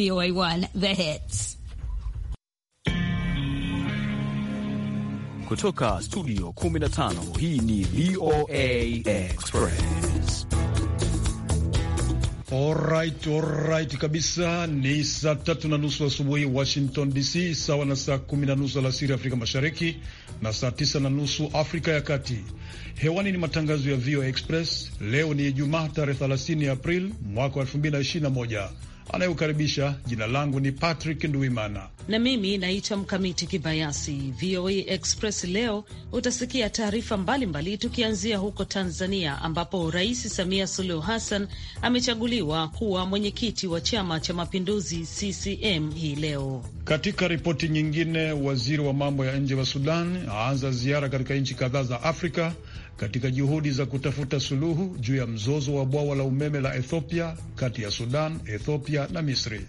VOA1 The Hits. Kutoka studio 15 hii ni VOA Express. Alright, alright kabisa ni saa tatu na nusu asubuhi wa Washington DC, sawa na saa kumi na nusu alasiri Afrika Mashariki na saa tisa na nusu Afrika ya Kati. Hewani ni matangazo ya VOA Express. Leo ni Ijumaa tarehe 30 Aprili mwaka wa 2021 anayeukaribisha. Jina langu ni Patrick nduimana na mimi naitwa Mkamiti Kibayasi. VOA Express leo utasikia taarifa mbalimbali, tukianzia huko Tanzania ambapo Rais Samia Suluhu Hassan amechaguliwa kuwa mwenyekiti wa Chama cha Mapinduzi CCM hii leo. Katika ripoti nyingine, waziri wa mambo ya nje wa Sudan aanza ziara katika nchi kadhaa za Afrika katika juhudi za kutafuta suluhu juu ya mzozo wa bwawa la umeme la Ethiopia kati ya Sudan, Ethiopia na Misri.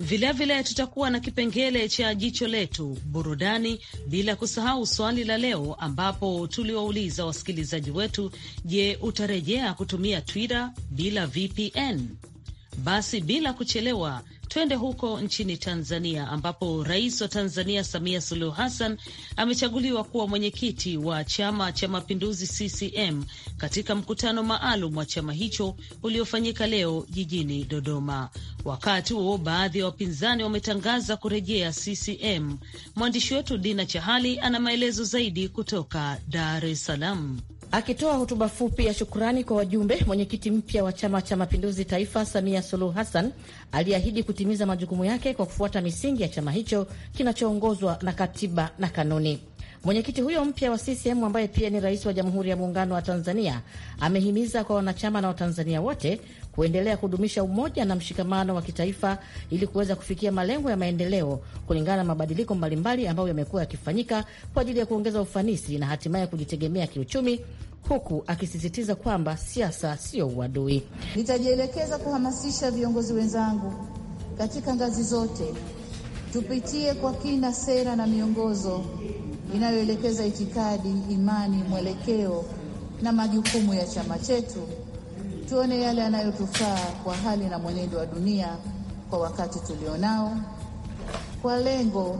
Vilevile vile tutakuwa na kipengele cha jicho letu burudani, bila kusahau swali la leo, ambapo tuliwauliza wasikilizaji wetu, je, utarejea kutumia Twitter bila VPN? Basi bila kuchelewa twende huko nchini Tanzania ambapo rais wa Tanzania Samia Suluhu Hassan amechaguliwa kuwa mwenyekiti wa Chama cha Mapinduzi CCM katika mkutano maalum wa chama hicho uliofanyika leo jijini Dodoma. Wakati huo baadhi ya wa wapinzani wametangaza kurejea CCM. Mwandishi wetu Dina Chahali ana maelezo zaidi kutoka Dar es Salaam. Akitoa hotuba fupi ya shukurani kwa wajumbe, mwenyekiti mpya wa Chama cha Mapinduzi Taifa Samia Suluhu Hassan aliahidi kutimiza majukumu yake kwa kufuata misingi ya chama hicho kinachoongozwa na katiba na kanuni. Mwenyekiti huyo mpya wa CCM ambaye pia ni rais wa Jamhuri ya Muungano wa Tanzania amehimiza kwa wanachama na Watanzania wote kuendelea kudumisha umoja na mshikamano wa kitaifa ili kuweza kufikia malengo ya maendeleo kulingana na mabadiliko mbalimbali ambayo yamekuwa yakifanyika kwa ajili ya kuongeza ufanisi na hatimaye kujitegemea kiuchumi, huku akisisitiza kwamba siasa sio uadui. Nitajielekeza kuhamasisha viongozi wenzangu katika ngazi zote tupitie kwa kina sera na miongozo inayoelekeza itikadi, imani, mwelekeo na majukumu ya chama chetu. Tuone yale yanayotufaa kwa hali na mwenendo wa dunia kwa wakati tulionao, kwa lengo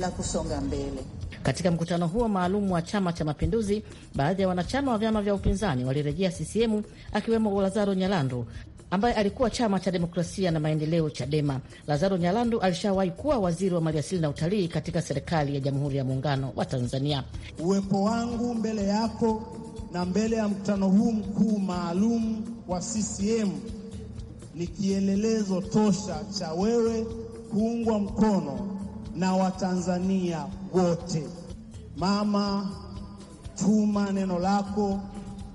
la kusonga mbele. Katika mkutano huo maalum wa Chama cha Mapinduzi, baadhi ya wanachama wa vyama vya upinzani walirejea CCM akiwemo Lazaro Nyalando ambaye alikuwa chama cha demokrasia na maendeleo Chadema. Lazaro Nyalandu alishawahi kuwa waziri wa maliasili na utalii katika serikali ya Jamhuri ya Muungano wa Tanzania. Uwepo wangu mbele yako na mbele ya mkutano huu mkuu maalum wa CCM ni kielelezo tosha cha wewe kuungwa mkono na Watanzania wote. Mama, tuma neno lako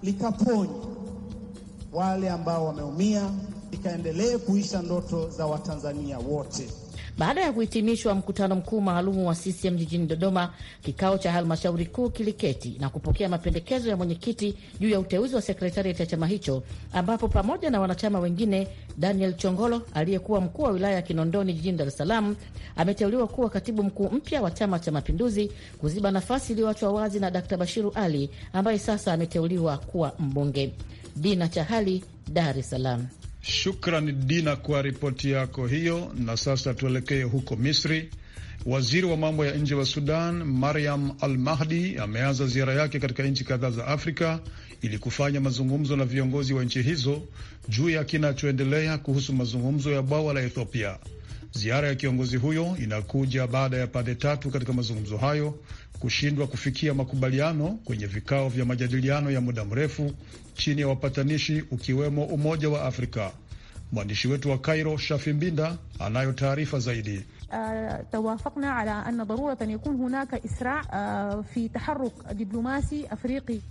likaponye wale ambao wameumia, ikaendelee kuisha ndoto za Watanzania wote. Baada ya kuhitimishwa mkutano mkuu maalumu wa CCM jijini Dodoma, kikao cha halmashauri kuu kiliketi na kupokea mapendekezo ya mwenyekiti juu ya uteuzi wa sekretariat ya chama hicho, ambapo pamoja na wanachama wengine, Daniel Chongolo aliyekuwa mkuu wa wilaya ya Kinondoni jijini Dar es Salaam ameteuliwa kuwa katibu mkuu mpya wa Chama cha Mapinduzi, kuziba nafasi iliyoachwa wazi na Dkt Bashiru Ali ambaye sasa ameteuliwa kuwa mbunge. Dina Chahali, Dar es Salaam. Shukran Dina kwa ripoti yako hiyo. Na sasa tuelekee huko Misri. Waziri wa mambo ya nje wa Sudan Mariam Al Mahdi ameanza ziara yake katika nchi kadhaa za Afrika ili kufanya mazungumzo na viongozi wa nchi hizo juu ya kinachoendelea kuhusu mazungumzo ya bwawa la Ethiopia. Ziara ya kiongozi huyo inakuja baada ya pande tatu katika mazungumzo hayo kushindwa kufikia makubaliano kwenye vikao vya majadiliano ya muda mrefu chini ya wapatanishi ukiwemo Umoja wa Afrika. Mwandishi wetu wa Cairo, Shafi Mbinda, anayo taarifa zaidi.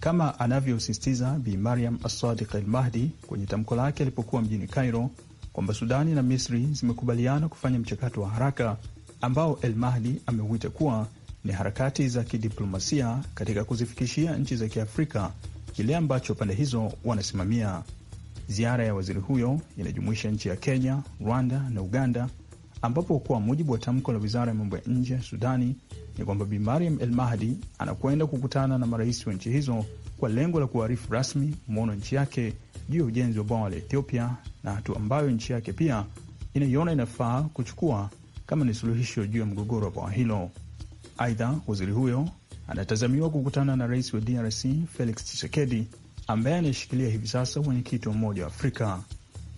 Kama anavyosisitiza Bi Mariam Assadiq mahdi kwenye tamko lake alipokuwa mjini Cairo kwamba Sudani na Misri zimekubaliana kufanya mchakato wa haraka ambao el mahdi ameuita kuwa ni harakati za kidiplomasia katika kuzifikishia nchi za Kiafrika kile ambacho pande hizo wanasimamia. Ziara ya waziri huyo inajumuisha nchi ya Kenya, Rwanda na Uganda, ambapo kwa mujibu wa tamko la wizara ya mambo ya nje Sudani ni kwamba Bi Mariam El Mahdi anakwenda kukutana na marais wa nchi hizo kwa lengo la kuarifu rasmi mwono nchi yake juu ya ujenzi wa bwawa la Ethiopia na hatua ambayo nchi yake pia inaiona inafaa kuchukua kama ni suluhisho juu ya mgogoro wa bwawa hilo. Aidha, waziri huyo anatazamiwa kukutana na rais wa DRC Felix Tshisekedi ambaye anayeshikilia hivi sasa mwenyekiti wa Umoja wa Afrika.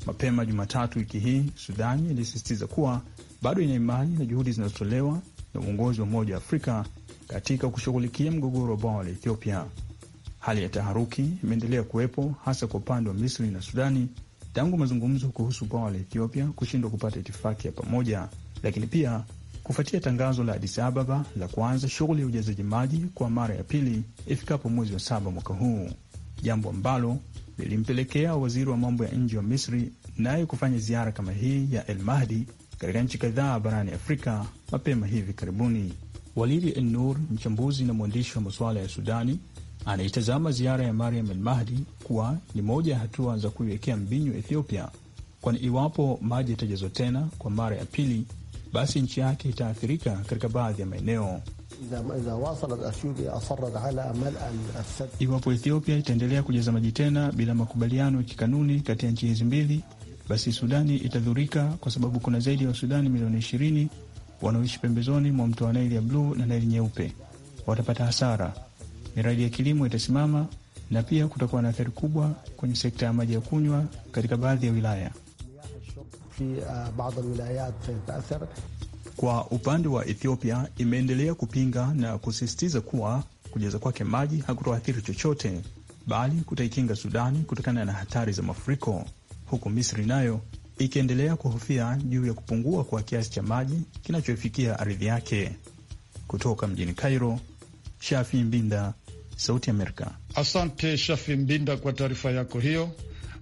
Mapema Jumatatu wiki hii, Sudani ilisisitiza kuwa bado ina imani na juhudi zinazotolewa na uongozi wa Umoja wa Afrika katika kushughulikia mgogoro wa bwawa la Ethiopia. Hali ya taharuki imeendelea kuwepo hasa kwa upande wa Misri na Sudani tangu mazungumzo kuhusu bwawa la Ethiopia kushindwa kupata itifaki ya pamoja, lakini pia kufuatia tangazo la Addis Ababa la kuanza shughuli ya ujazaji maji kwa mara ya pili ifikapo mwezi wa saba mwaka huu, jambo ambalo lilimpelekea waziri wa mambo ya nje wa Misri naye kufanya ziara kama hii ya El Mahdi katika nchi kadhaa barani Afrika mapema hivi karibuni. Walidi nur mchambuzi na mwandishi wa masuala ya Sudani, anaitazama ziara ya Mariam El Mahdi kuwa ni moja ya hatua za kuiwekea mbinyu Ethiopia, kwani iwapo maji yatajazwa tena kwa mara ya pili basi nchi yake itaathirika katika baadhi ya maeneo. Iwapo Ethiopia itaendelea kujaza maji tena bila makubaliano ya kikanuni kati ya nchi hizi mbili, basi Sudani itadhurika kwa sababu kuna zaidi ya Wasudani milioni ishirini wanaoishi pembezoni mwa mto wa Naili ya bluu na Naili nyeupe watapata hasara. Miradi ya kilimo itasimama na pia kutakuwa na athari kubwa kwenye sekta ya maji ya kunywa katika baadhi ya wilaya. في بعض الولايات تتأثر. Kwa upande wa Ethiopia imeendelea kupinga na kusisitiza kuwa kujaza kwake maji hakutoathiri chochote, bali kutaikinga Sudani kutokana na hatari za mafuriko, huku Misri nayo ikiendelea kuhofia juu ya kupungua kwa kiasi cha maji kinachofikia ardhi yake. Kutoka mjini Cairo, Shafi Mbinda, Sauti Amerika. Asante Shafi Mbinda kwa taarifa yako hiyo.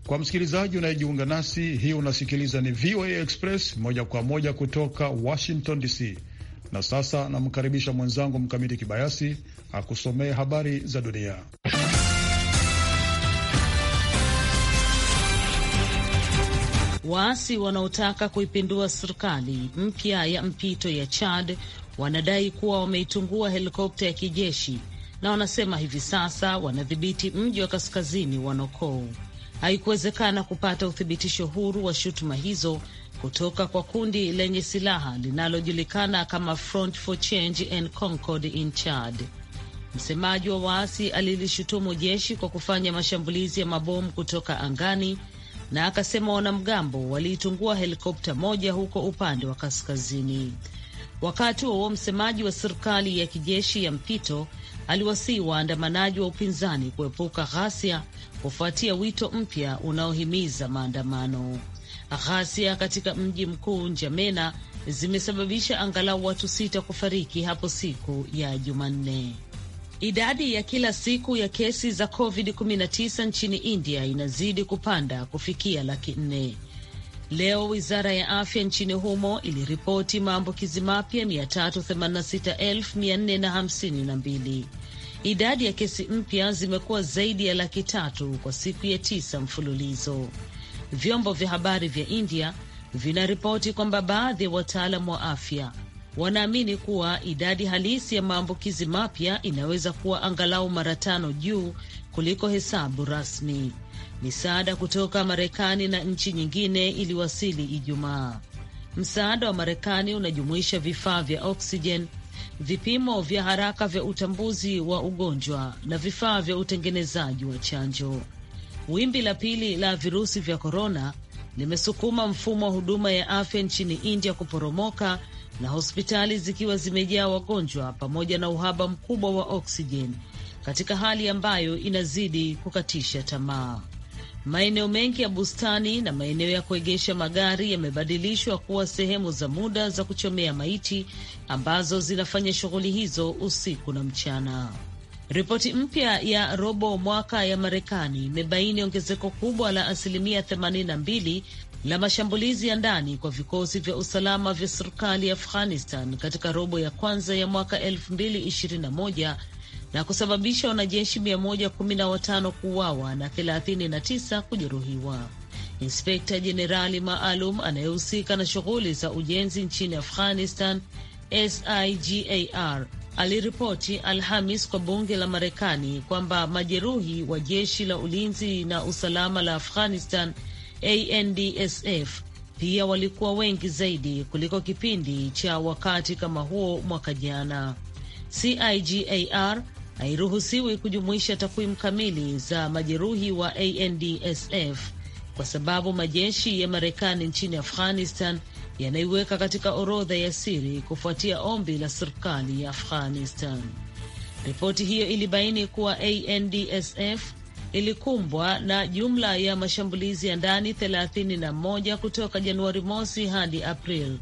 Kwa msikilizaji unayejiunga nasi, hii unasikiliza ni VOA Express moja kwa moja kutoka Washington DC, na sasa namkaribisha mwenzangu Mkamiti Kibayasi akusomee habari za dunia. Waasi wanaotaka kuipindua serikali mpya ya mpito ya Chad wanadai kuwa wameitungua helikopta ya kijeshi na wanasema hivi sasa wanadhibiti mji wa kaskazini wa Nokou haikuwezekana kupata uthibitisho huru wa shutuma hizo kutoka kwa kundi lenye silaha linalojulikana kama Front for Change and Concord in Chad. Msemaji wa waasi alilishutumu jeshi kwa kufanya mashambulizi ya mabomu kutoka angani na akasema wanamgambo waliitungua helikopta moja huko upande wa kaskazini. Wakati huo msemaji wa serikali ya kijeshi ya mpito aliwasihi waandamanaji wa upinzani kuepuka ghasia kufuatia wito mpya unaohimiza maandamano. Ghasia katika mji mkuu Njamena zimesababisha angalau watu sita kufariki hapo siku ya Jumanne. Idadi ya kila siku ya kesi za COVID-19 nchini India inazidi kupanda kufikia laki nne. Leo wizara ya afya nchini humo iliripoti maambukizi mapya 386,452. Idadi ya kesi mpya zimekuwa zaidi ya laki tatu kwa siku ya tisa mfululizo. Vyombo vya habari vya India vinaripoti kwamba baadhi ya wataalam wa afya wanaamini kuwa idadi halisi ya maambukizi mapya inaweza kuwa angalau mara tano juu kuliko hesabu rasmi. Misaada kutoka Marekani na nchi nyingine iliwasili Ijumaa. Msaada wa Marekani unajumuisha vifaa vya oksijeni, vipimo vya haraka vya utambuzi wa ugonjwa na vifaa vya utengenezaji wa chanjo. Wimbi la pili la virusi vya korona limesukuma mfumo wa huduma ya afya nchini India kuporomoka na hospitali zikiwa zimejaa wagonjwa pamoja na uhaba mkubwa wa oksijeni katika hali ambayo inazidi kukatisha tamaa. Maeneo mengi ya bustani na maeneo ya kuegesha magari yamebadilishwa kuwa sehemu za muda za kuchomea maiti ambazo zinafanya shughuli hizo usiku na mchana. Ripoti mpya ya robo mwaka ya Marekani imebaini ongezeko kubwa la asilimia 82 la mashambulizi ya ndani kwa vikosi vya usalama vya serikali ya Afghanistan katika robo ya kwanza ya mwaka 2021 na kusababisha wanajeshi 115 kuuawa na 39 kujeruhiwa. Inspekta Jenerali maalum anayehusika na shughuli za ujenzi nchini Afghanistan, SIGAR, aliripoti Alhamis kwa bunge la Marekani kwamba majeruhi wa jeshi la ulinzi na usalama la Afghanistan, ANDSF, pia walikuwa wengi zaidi kuliko kipindi cha wakati kama huo mwaka jana. CIGAR hairuhusiwi kujumuisha takwimu kamili za majeruhi wa ANDSF kwa sababu majeshi ya Marekani nchini Afghanistan yanaiweka katika orodha ya siri kufuatia ombi la serikali ya Afghanistan. Ripoti hiyo ilibaini kuwa ANDSF ilikumbwa na jumla ya mashambulizi ya ndani 31 kutoka Januari mosi hadi April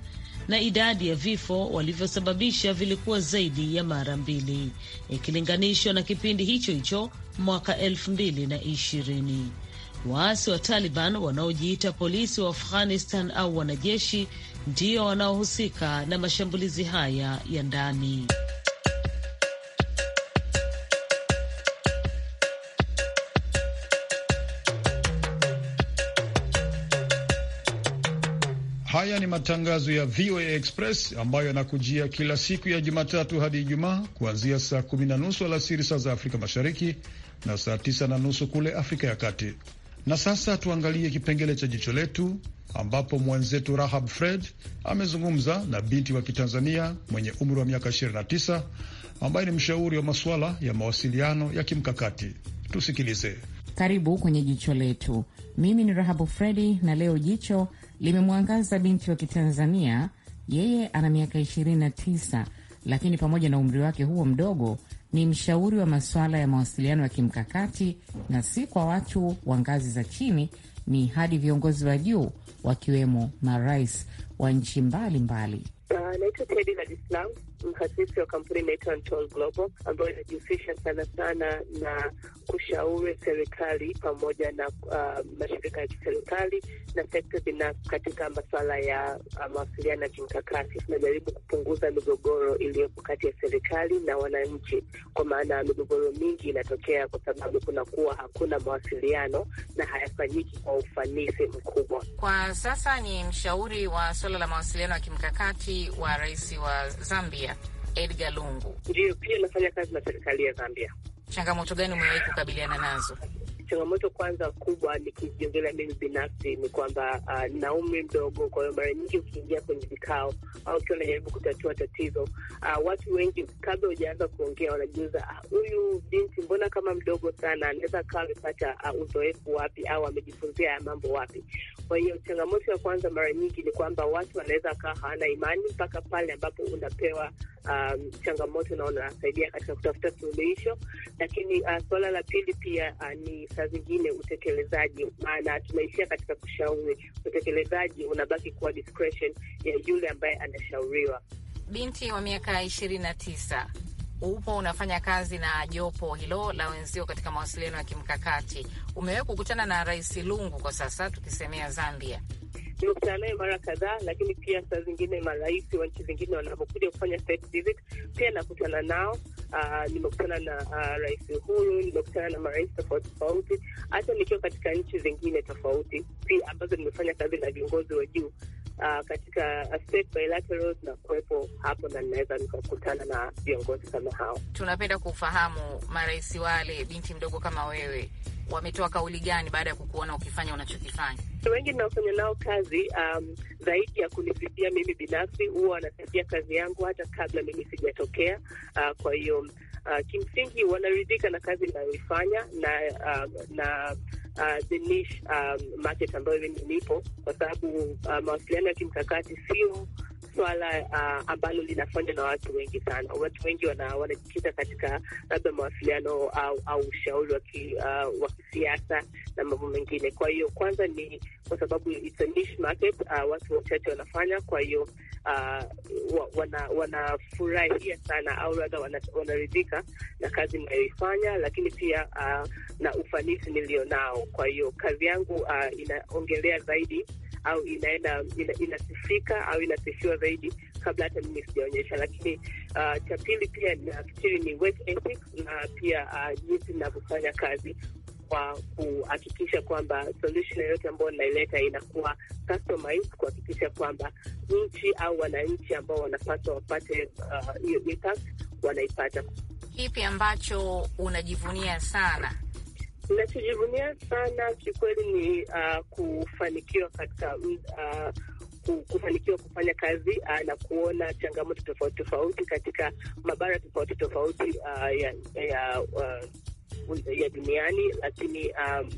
na idadi ya vifo walivyosababisha vilikuwa zaidi ya mara mbili ikilinganishwa na kipindi hicho hicho mwaka elfu mbili na ishirini. Waasi wa Taliban wanaojiita polisi wa Afghanistan au wanajeshi ndio wanaohusika na mashambulizi haya ya ndani. Haya ni matangazo ya VOA Express ambayo yanakujia kila siku ya Jumatatu hadi Ijumaa kuanzia saa kumi na nusu alasiri saa za Afrika Mashariki na saa tisa na nusu kule Afrika ya Kati. Na sasa tuangalie kipengele cha jicho letu ambapo mwenzetu Rahab Fred amezungumza na binti wa Kitanzania mwenye umri wa miaka 29 ambaye ni mshauri wa masuala ya mawasiliano ya kimkakati. Tusikilize. Karibu kwenye jicho letu. Mimi ni Rahabu Fredi na leo jicho limemwangaza binti wa Kitanzania. Yeye ana miaka 29, lakini pamoja na umri wake huo mdogo ni mshauri wa masuala ya mawasiliano ya kimkakati, na si kwa watu wa ngazi za chini, ni hadi viongozi wa juu wakiwemo marais wa nchi mbalimbali. Uh, naitwa Tedi na Islam, mhasisi wa kampuni inaitwa Antol Global ambayo inajihusisha sana sana na kushauri serikali pamoja na uh, mashirika ya kiserikali na sekta binafsi katika masuala ya uh, mawasiliano ya kimkakati. Tunajaribu kupunguza migogoro iliyopo kati ya serikali na wananchi, kwa maana migogoro mingi inatokea kwa sababu kunakuwa hakuna mawasiliano na hayafanyiki kwa ufanisi mkubwa. Kwa sasa ni mshauri wa suala la mawasiliano ya kimkakati wa rais wa Zambia Edgar Lungu. Ndio, pia nafanya kazi na serikali ya Zambia. Changamoto gani umewahi kukabiliana nazo? changamoto kwanza kubwa nikijiongelea mimi binafsi ni kwamba uh, na umri mdogo. Kwa hiyo mara nyingi ukiingia kwenye vikao au ukiwa unajaribu kutatua tatizo uh, watu wengi kabla hujaanza kuongea wanajiuza ah, huyu, uh, binti mbona kama mdogo sana, anaweza akawa amepata uh, uzoefu wapi au amejifunzia ya mambo wapi? Kwa hiyo changamoto ya kwanza mara nyingi ni kwamba watu wanaweza akawa hawana imani mpaka pale ambapo unapewa um, changamoto naona nasaidia katika kutafuta suluhisho. Lakini uh, suala la pili pia uh, ni saa zingine utekelezaji, maana tunaishia katika kushauri, utekelezaji unabaki kuwa discretion ya yule ambaye anashauriwa. Binti wa miaka ishirini na tisa upo unafanya kazi na jopo hilo la wenzio katika mawasiliano ya kimkakati. Umewahi kukutana na Rais Lungu kwa sasa tukisemea Zambia? Tumekutana naye mara kadhaa, lakini pia saa zingine marais wa nchi zingine wanapokuja kufanya state visit pia nakutana nao. Uh, nimekutana na uh, rais huyu, nimekutana na marais tofauti tofauti, hata nikiwa katika nchi zingine tofauti pia ambazo nimefanya kazi na viongozi wa juu uh, katika state bilaterals na kuwepo hapo, na ninaweza nikakutana na viongozi kama hao. Tunapenda kufahamu marais wale, binti mdogo kama wewe wametoa kauli gani baada ya kukuona ukifanya unachokifanya? Wengi ninaofanya nao kazi um, zaidi ya kunisifia mimi binafsi, huwa wanasaidia kazi yangu hata kabla mimi sijatokea. Uh, kwa hiyo uh, kimsingi wanaridhika na kazi inayoifanya na uh, na uh, the niche um, market ambayo mimi nipo, kwa sababu uh, mawasiliano ya kimkakati sio swala uh, ambalo linafanywa na watu wengi sana. Watu wengi wanajikita wana katika labda mawasiliano au, au ushauri uh, wa kisiasa na mambo mengine. Kwa hiyo kwanza ni kwa sababu it's a niche market, uh, watu wachache wanafanya, kwa hiyo uh, wanafurahia wana sana au labda wanaridhika wana na kazi inayoifanya, lakini pia uh, na ufanisi nilionao. Kwa hiyo kazi yangu uh, inaongelea zaidi au inaenda inasifika au inasifiwa zaidi kabla hata mimi sijaonyesha. Lakini uh, cha pili pia nafikiri ni work ethics na pia uh, jinsi inavyofanya kazi kwa kuhakikisha kwamba solution yoyote ambayo inaileta inakuwa customized kuhakikisha kwamba nchi au wananchi ambao wanapaswa wapate uh, hiyo uh, wanaipata. Kipi ambacho unajivunia sana Nachojivunia sana kiukweli ni uh, kufanikiwa katika uh, kufanikiwa kufanya kazi uh, na kuona changamoto tofauti tofauti katika mabara tofauti tofauti uh, ya, ya, uh, ya duniani, lakini um,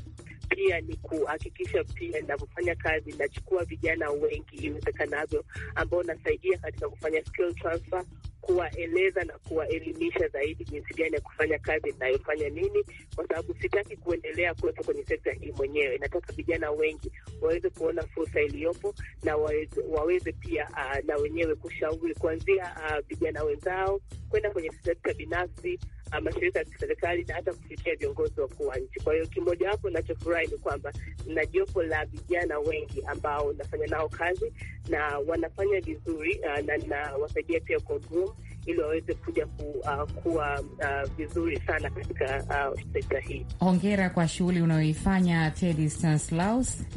pia ni kuhakikisha pia ninavyofanya kazi nachukua vijana wengi iwezekanavyo, ambao nasaidia katika kufanya skill transfer kuwaeleza na kuwaelimisha zaidi jinsi gani ya kufanya kazi inayofanya nini, kwa sababu sitaki kuendelea kuwepo kwenye sekta hii mwenyewe. Nataka vijana wengi waweze kuona fursa iliyopo na waweze, waweze pia uh, na wenyewe kushauri kuanzia ah, vijana uh, wenzao kwenda kwenye sekta binafsi Uh, mashirika ya kiserikali na hata kufikia viongozi wakuu wa nchi. Kwa hiyo kimojawapo nachofurahi ni kwamba na jopo la vijana wengi ambao nafanya nao kazi na wanafanya vizuri uh, na nawasaidia pia kwa groom ili waweze kuja ku, uh, kuwa uh, vizuri sana katika uh, sekta hii. Hongera kwa shughuli unayoifanya Teddy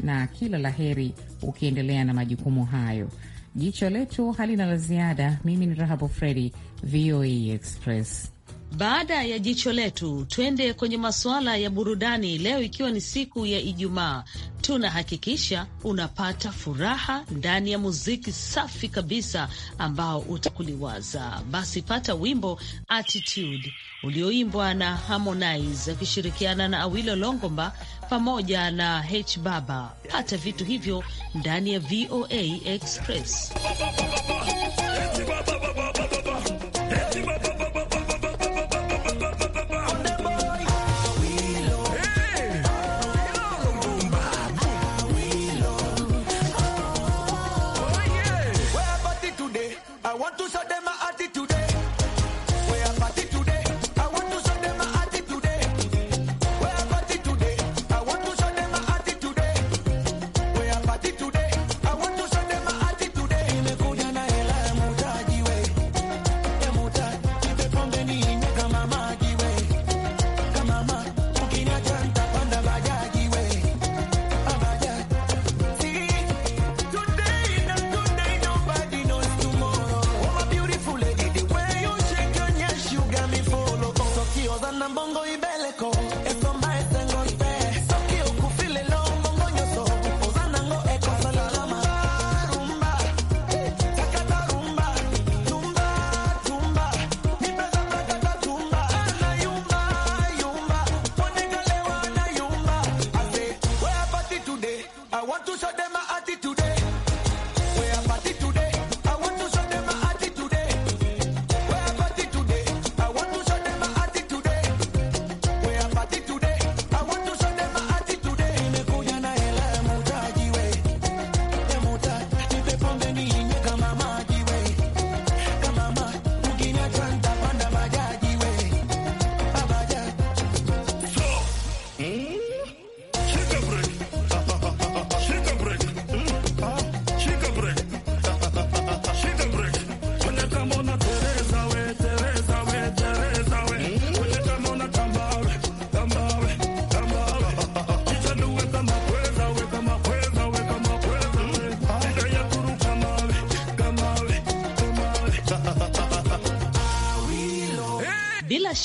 na kila la heri ukiendelea na majukumu hayo. Jicho letu halina la ziada. Mimi ni Rahabu Fredi, VOA Express. Baada ya jicho letu, twende kwenye masuala ya burudani leo, ikiwa ni siku ya Ijumaa. Tunahakikisha unapata furaha ndani ya muziki safi kabisa ambao utakuliwaza. Basi pata wimbo Attitude ulioimbwa na Harmonize akishirikiana na Awilo Longomba pamoja na H Baba. Pata vitu hivyo ndani ya VOA Express.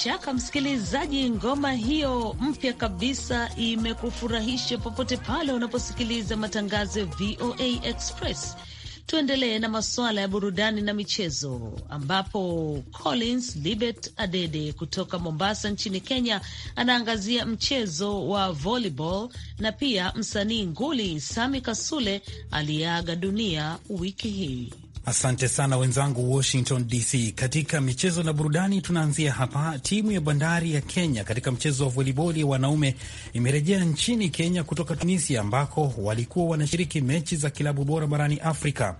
shaka msikilizaji, ngoma hiyo mpya kabisa imekufurahisha popote pale unaposikiliza matangazo ya VOA Express. Tuendelee na masuala ya burudani na michezo, ambapo Collins Libet Adede kutoka Mombasa nchini Kenya anaangazia mchezo wa volleyball na pia msanii nguli Sami Kasule aliyeaga dunia wiki hii. Asante sana wenzangu Washington DC. Katika michezo na burudani, tunaanzia hapa. Timu ya Bandari ya Kenya katika mchezo wa voliboli wanaume imerejea nchini Kenya kutoka Tunisia ambako walikuwa wanashiriki mechi za kilabu bora barani Afrika.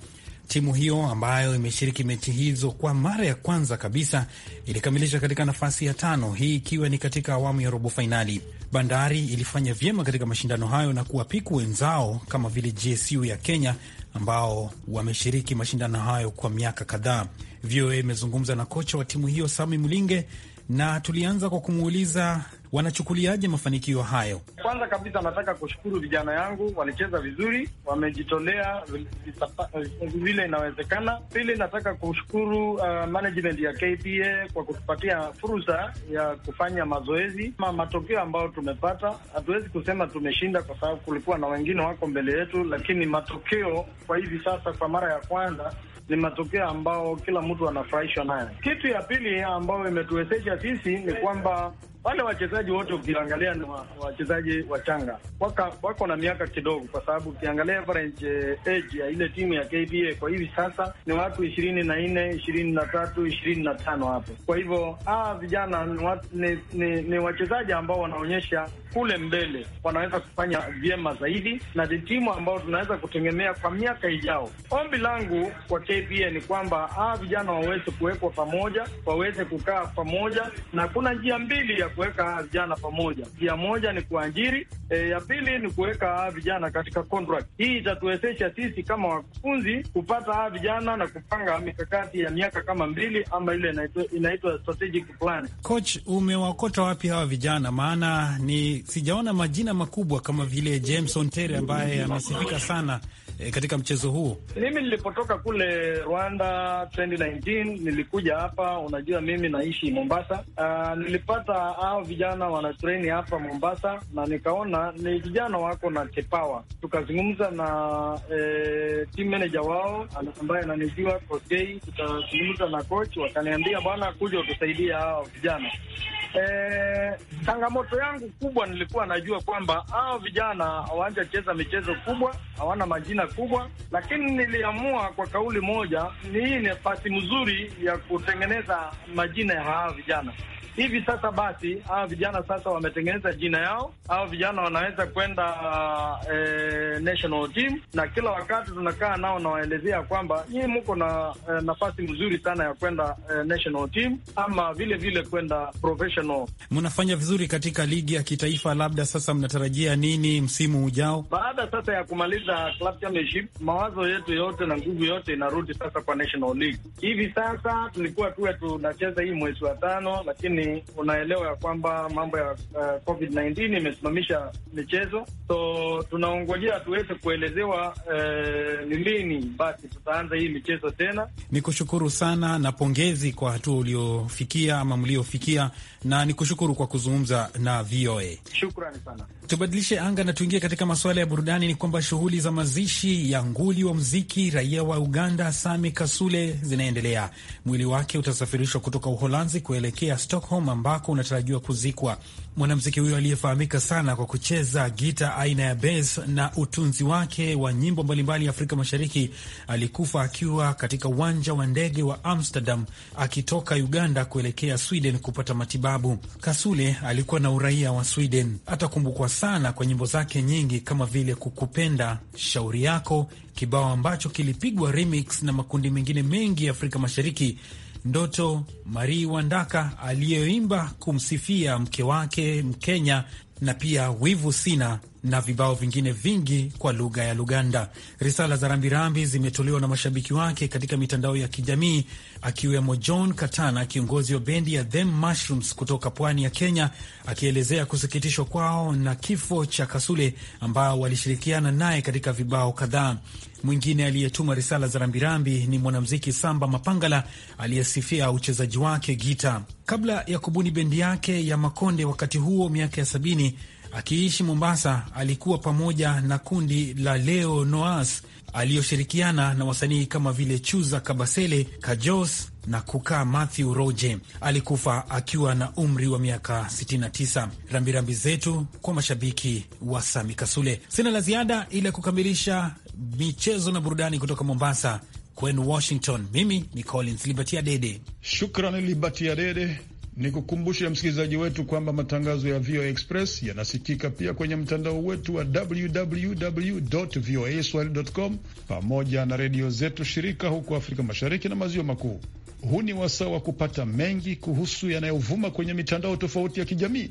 Timu hiyo ambayo imeshiriki mechi hizo kwa mara ya kwanza kabisa ilikamilisha katika nafasi ya tano, hii ikiwa ni katika awamu ya robo fainali. Bandari ilifanya vyema katika mashindano hayo na kuwapiku wenzao kama vile jsu ya Kenya ambao wameshiriki mashindano hayo kwa miaka kadhaa. VOA imezungumza na kocha wa timu hiyo Sami Mlinge na tulianza kwa kumuuliza wanachukuliaje mafanikio hayo. Kwanza kabisa, nataka kushukuru vijana yangu, walicheza vizuri, wamejitolea vile inawezekana. Pili, nataka kushukuru uh, management ya KPA kwa kutupatia fursa ya kufanya mazoezi. Ma matokeo ambayo tumepata, hatuwezi kusema tumeshinda, kwa sababu kulikuwa na wengine wako mbele yetu, lakini matokeo kwa hivi sasa, kwa mara ya kwanza ni matokeo ambao kila mtu anafurahishwa nayo. Kitu ya pili ambayo imetuwezesha sisi ni kwamba wale wachezaji wote ukiangalia ni wachezaji wachanga, wako na miaka kidogo, kwa sababu ukiangalia average eh, age ya ile timu ya KPA kwa hivi sasa ni watu ishirini na nne, ishirini na tatu, ishirini na tano hapo. Kwa hivyo hawa ah, vijana ni, ni, ni wachezaji ambao wanaonyesha kule mbele wanaweza kufanya vyema zaidi, na ni timu ambao tunaweza kutegemea kwa miaka ijao. Ombi langu kwa KPA ni kwamba hawa ah, vijana waweze kuwekwa pamoja, waweze kukaa pamoja, na kuna njia mbili ya kuweka vijana pamoja. Njia moja ni kuajiri e, ya pili ni kuweka vijana katika contract. Hii itatuwezesha sisi kama wakufunzi kupata vijana na kupanga mikakati ya miaka kama mbili ama ile inaitwa strategic plan. Coach, umewakota wapi hawa vijana? Maana ni sijaona majina makubwa kama vile Jameson Tere ambaye amesifika sana e, katika mchezo huo? Mimi nilipotoka kule Rwanda 2019 nilikuja hapa, unajua mimi naishi Mombasa. Uh, nilipata hao vijana wana treni hapa Mombasa na nikaona ni vijana wako na kipawa. Tukazungumza na e, team manager wao ambaye ananijua tukazungumza na coach, wakaniambia bwana, kuja utusaidia hao vijana Eh, changamoto yangu kubwa nilikuwa najua kwamba hao vijana hawajacheza michezo kubwa, hawana majina kubwa, lakini niliamua kwa kauli moja, ni hii nafasi mzuri ya kutengeneza majina ya hawa vijana hivi sasa basi, hawa vijana sasa wametengeneza jina yao. Hawa vijana wanaweza kwenda e, national team, na kila wakati tunakaa nao nawaelezea kwamba nyii mko na e, nafasi mzuri sana ya kwenda e, national team ama vile vile kwenda professional. Mnafanya vizuri katika ligi ya kitaifa, labda sasa mnatarajia nini msimu ujao? Baada sasa ya kumaliza club championship, mawazo yetu yote na nguvu yote inarudi sasa kwa national league. Hivi sasa tulikuwa tuwe tunacheza hii mwezi wa tano, lakini lakini unaelewa ya kwamba mambo ya uh, eh, COVID-19 imesimamisha michezo, so tunaongojea tuweze kuelezewa eh, ni uh, lini basi tutaanza hii michezo tena. Ni kushukuru sana na pongezi kwa hatua uliofikia ama mliofikia, na ni kushukuru kwa kuzungumza na VOA. Shukrani sana. Tubadilishe anga na tuingie katika masuala ya burudani. Ni kwamba shughuli za mazishi ya nguli wa mziki raia wa Uganda Sami Kasule zinaendelea. Mwili wake utasafirishwa kutoka Uholanzi kuelekea Stockholm home ambako unatarajiwa kuzikwa. mwanamziki huyo aliyefahamika sana kwa kucheza gita aina ya bass na utunzi wake wa nyimbo mbalimbali Afrika Mashariki alikufa akiwa katika uwanja wa ndege wa Amsterdam akitoka Uganda kuelekea Sweden kupata matibabu. Kasule alikuwa na uraia wa Sweden. Atakumbukwa sana kwa nyimbo zake nyingi kama vile Kukupenda, Shauri Yako, kibao ambacho kilipigwa remix na makundi mengine mengi ya Afrika Mashariki Ndoto Marie Wandaka aliyoimba kumsifia mke wake Mkenya na pia wivu sina na vibao vingine vingi kwa lugha ya Luganda. Risala za rambirambi zimetolewa na mashabiki wake katika mitandao ya kijamii, akiwemo John Katana, kiongozi wa bendi ya Them Mushrooms kutoka pwani ya Kenya, akielezea kusikitishwa kwao na kifo cha Kasule ambao walishirikiana naye katika vibao kadhaa. Mwingine aliyetuma risala za rambirambi ni mwanamuziki Samba Mapangala aliyesifia uchezaji wake gita kabla ya kubuni bendi yake ya Makonde wakati huo miaka ya sabini. Akiishi Mombasa, alikuwa pamoja na kundi la Leo Noas aliyoshirikiana na wasanii kama vile Chuza Kabasele, Kajos na Kukaa Mathew Roje. Alikufa akiwa na umri wa miaka 69. Rambirambi zetu kwa mashabiki wa Sami Kasule. Sina la ziada ila kukamilisha michezo na burudani kutoka Mombasa. Kwenu Washington, mimi ni Collins Libertia Dede. Shukrani Libertia Dede ni kukumbushe msikilizaji wetu kwamba matangazo ya VOA Express yanasikika pia kwenye mtandao wetu wa www com pamoja na redio zetu shirika huko Afrika Mashariki na Maziwa Makuu. Huu ni wasaa wa kupata mengi kuhusu yanayovuma kwenye mitandao tofauti ya kijamii.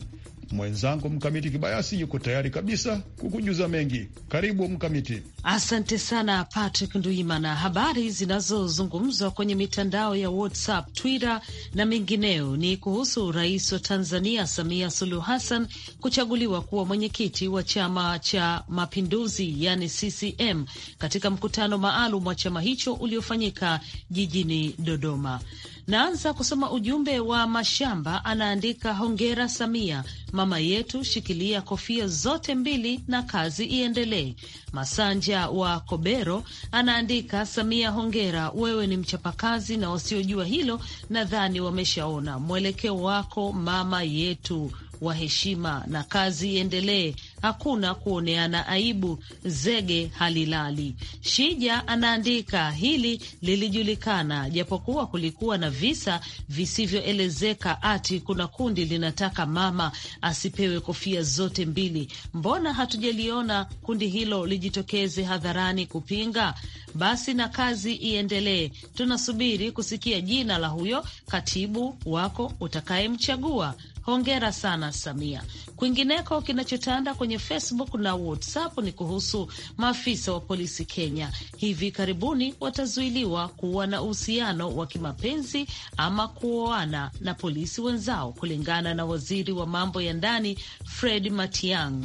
Mwenzangu Mkamiti Kibayasi yuko tayari kabisa kukujuza mengi. Karibu Mkamiti. Asante sana Patrick Nduimana. Habari zinazozungumzwa kwenye mitandao ya WhatsApp, Twitter na mengineo ni kuhusu rais wa Tanzania Samia Suluhu Hassan kuchaguliwa kuwa mwenyekiti wa Chama cha Mapinduzi yani CCM katika mkutano maalum wa chama hicho uliofanyika jijini Dodoma. Naanza kusoma ujumbe wa Mashamba, anaandika hongera Samia mama yetu, shikilia kofia zote mbili na kazi iendelee. Masanja wa Kobero anaandika Samia hongera, wewe ni mchapakazi, na wasiojua hilo nadhani wameshaona mwelekeo wako mama yetu wa heshima na kazi iendelee. Hakuna kuoneana aibu, zege halilali. Shija anaandika hili lilijulikana, japokuwa kulikuwa na visa visivyoelezeka, ati kuna kundi linataka mama asipewe kofia zote mbili. Mbona hatujaliona kundi hilo lijitokeze hadharani kupinga? Basi na kazi iendelee. Tunasubiri kusikia jina la huyo katibu wako utakayemchagua. Hongera sana Samia. Kwingineko, kinachotanda kwenye Facebook na WhatsApp ni kuhusu maafisa wa polisi Kenya hivi karibuni watazuiliwa kuwa na uhusiano wa kimapenzi ama kuoana na polisi wenzao, kulingana na waziri wa mambo ya ndani Fred Matiang.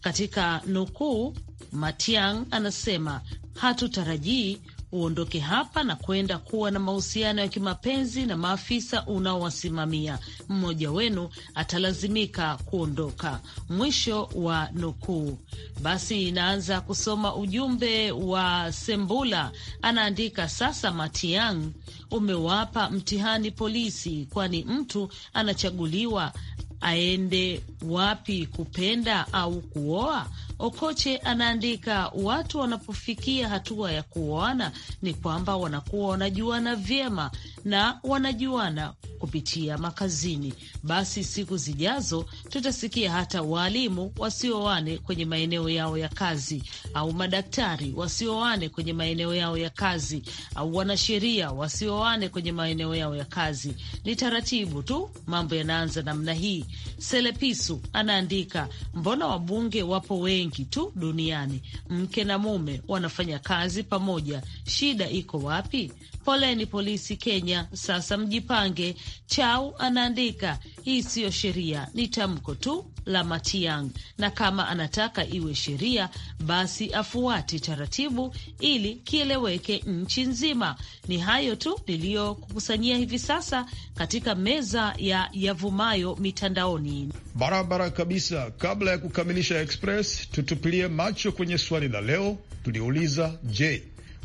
Katika nukuu, Matiang anasema hatutarajii uondoke hapa na kwenda kuwa na mahusiano ya kimapenzi na maafisa unaowasimamia. Mmoja wenu atalazimika kuondoka. Mwisho wa nukuu. Basi inaanza kusoma ujumbe wa Sembula, anaandika sasa, Matiang, umewapa mtihani polisi, kwani mtu anachaguliwa aende wapi, kupenda au kuoa? Okoche anaandika, watu wanapofikia hatua ya kuoana ni kwamba wanakuwa wanajuana vyema na wanajuana kupitia makazini. Basi siku zijazo tutasikia hata waalimu wasioane kwenye maeneo yao ya kazi, au madaktari wasioane kwenye maeneo yao ya kazi, au wanasheria wasioane kwenye maeneo yao ya kazi. Ni taratibu tu mambo yanaanza namna hii, Selepisu anaandika, mbona wabunge wapo wengi tu duniani? Mke na mume wanafanya kazi pamoja, shida iko wapi? Poleni polisi Kenya, sasa mjipange. Chau anaandika, hii siyo sheria, ni tamko tu. Lamatiang, na kama anataka iwe sheria basi afuate taratibu ili kieleweke nchi nzima. Ni hayo tu niliyokusanyia hivi sasa katika meza ya yavumayo mitandaoni, barabara kabisa. Kabla ya kukamilisha Express, tutupilie macho kwenye swali la leo. Tuliuliza, je,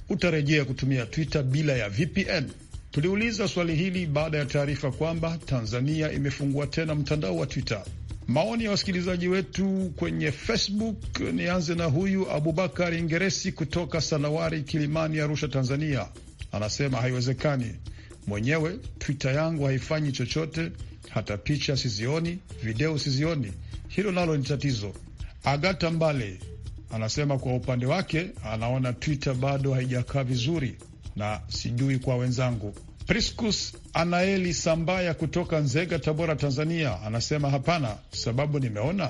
utarejea kutumia Twitter bila ya VPN? Tuliuliza swali hili baada ya taarifa kwamba Tanzania imefungua tena mtandao wa Twitter maoni ya wasikilizaji wetu kwenye Facebook. Nianze na huyu Abubakar Ingeresi kutoka Sanawari, Kilimani, Arusha, Tanzania. Anasema haiwezekani, mwenyewe Twitter yangu haifanyi chochote, hata picha sizioni, video sizioni. Hilo nalo ni tatizo. Agata Mbale anasema kwa upande wake anaona Twitter bado haijakaa vizuri, na sijui kwa wenzangu. Priscus Anaeli Sambaya kutoka Nzega, Tabora, Tanzania, anasema hapana, sababu nimeona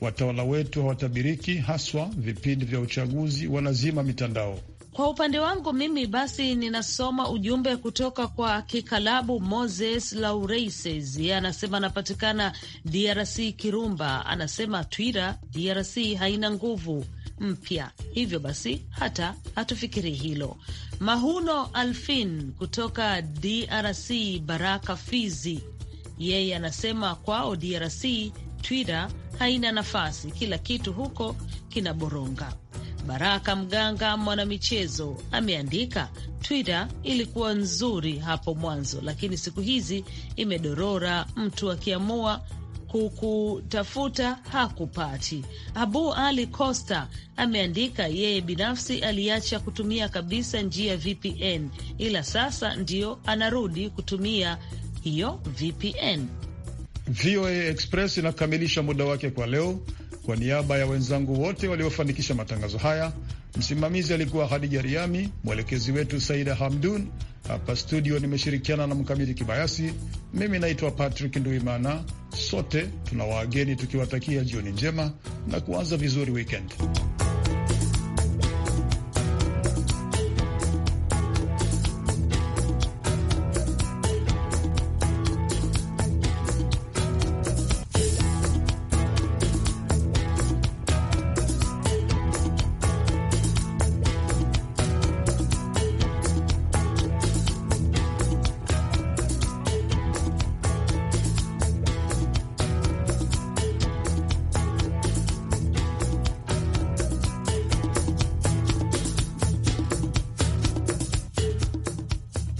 watawala wetu hawatabiriki, haswa vipindi vya uchaguzi, wanazima mitandao. Kwa upande wangu mimi basi, ninasoma ujumbe kutoka kwa kikalabu Moses Laureises, yeye anasema anapatikana DRC Kirumba, anasema Twira DRC haina nguvu mpya. Hivyo basi hata hatufikiri hilo. Mahuno Alfin kutoka DRC, Baraka Fizi, yeye anasema kwao DRC Twitter haina nafasi, kila kitu huko kinaboronga. Baraka Mganga, mwanamichezo, ameandika Twitter ilikuwa nzuri hapo mwanzo, lakini siku hizi imedorora. Mtu akiamua kukutafuta hakupati. Abu Ali Costa ameandika yeye binafsi aliacha kutumia kabisa njia VPN, ila sasa ndiyo anarudi kutumia hiyo VPN. VOA Express inakamilisha muda wake kwa leo. Kwa niaba ya wenzangu wote waliofanikisha matangazo haya, msimamizi alikuwa Hadija Riami, mwelekezi wetu Saida Hamdun. Hapa studio nimeshirikiana na Mkamiti Kibayasi. Mimi naitwa Patrick Nduimana. Sote tuna wageni tukiwatakia jioni njema na kuanza vizuri wikendi.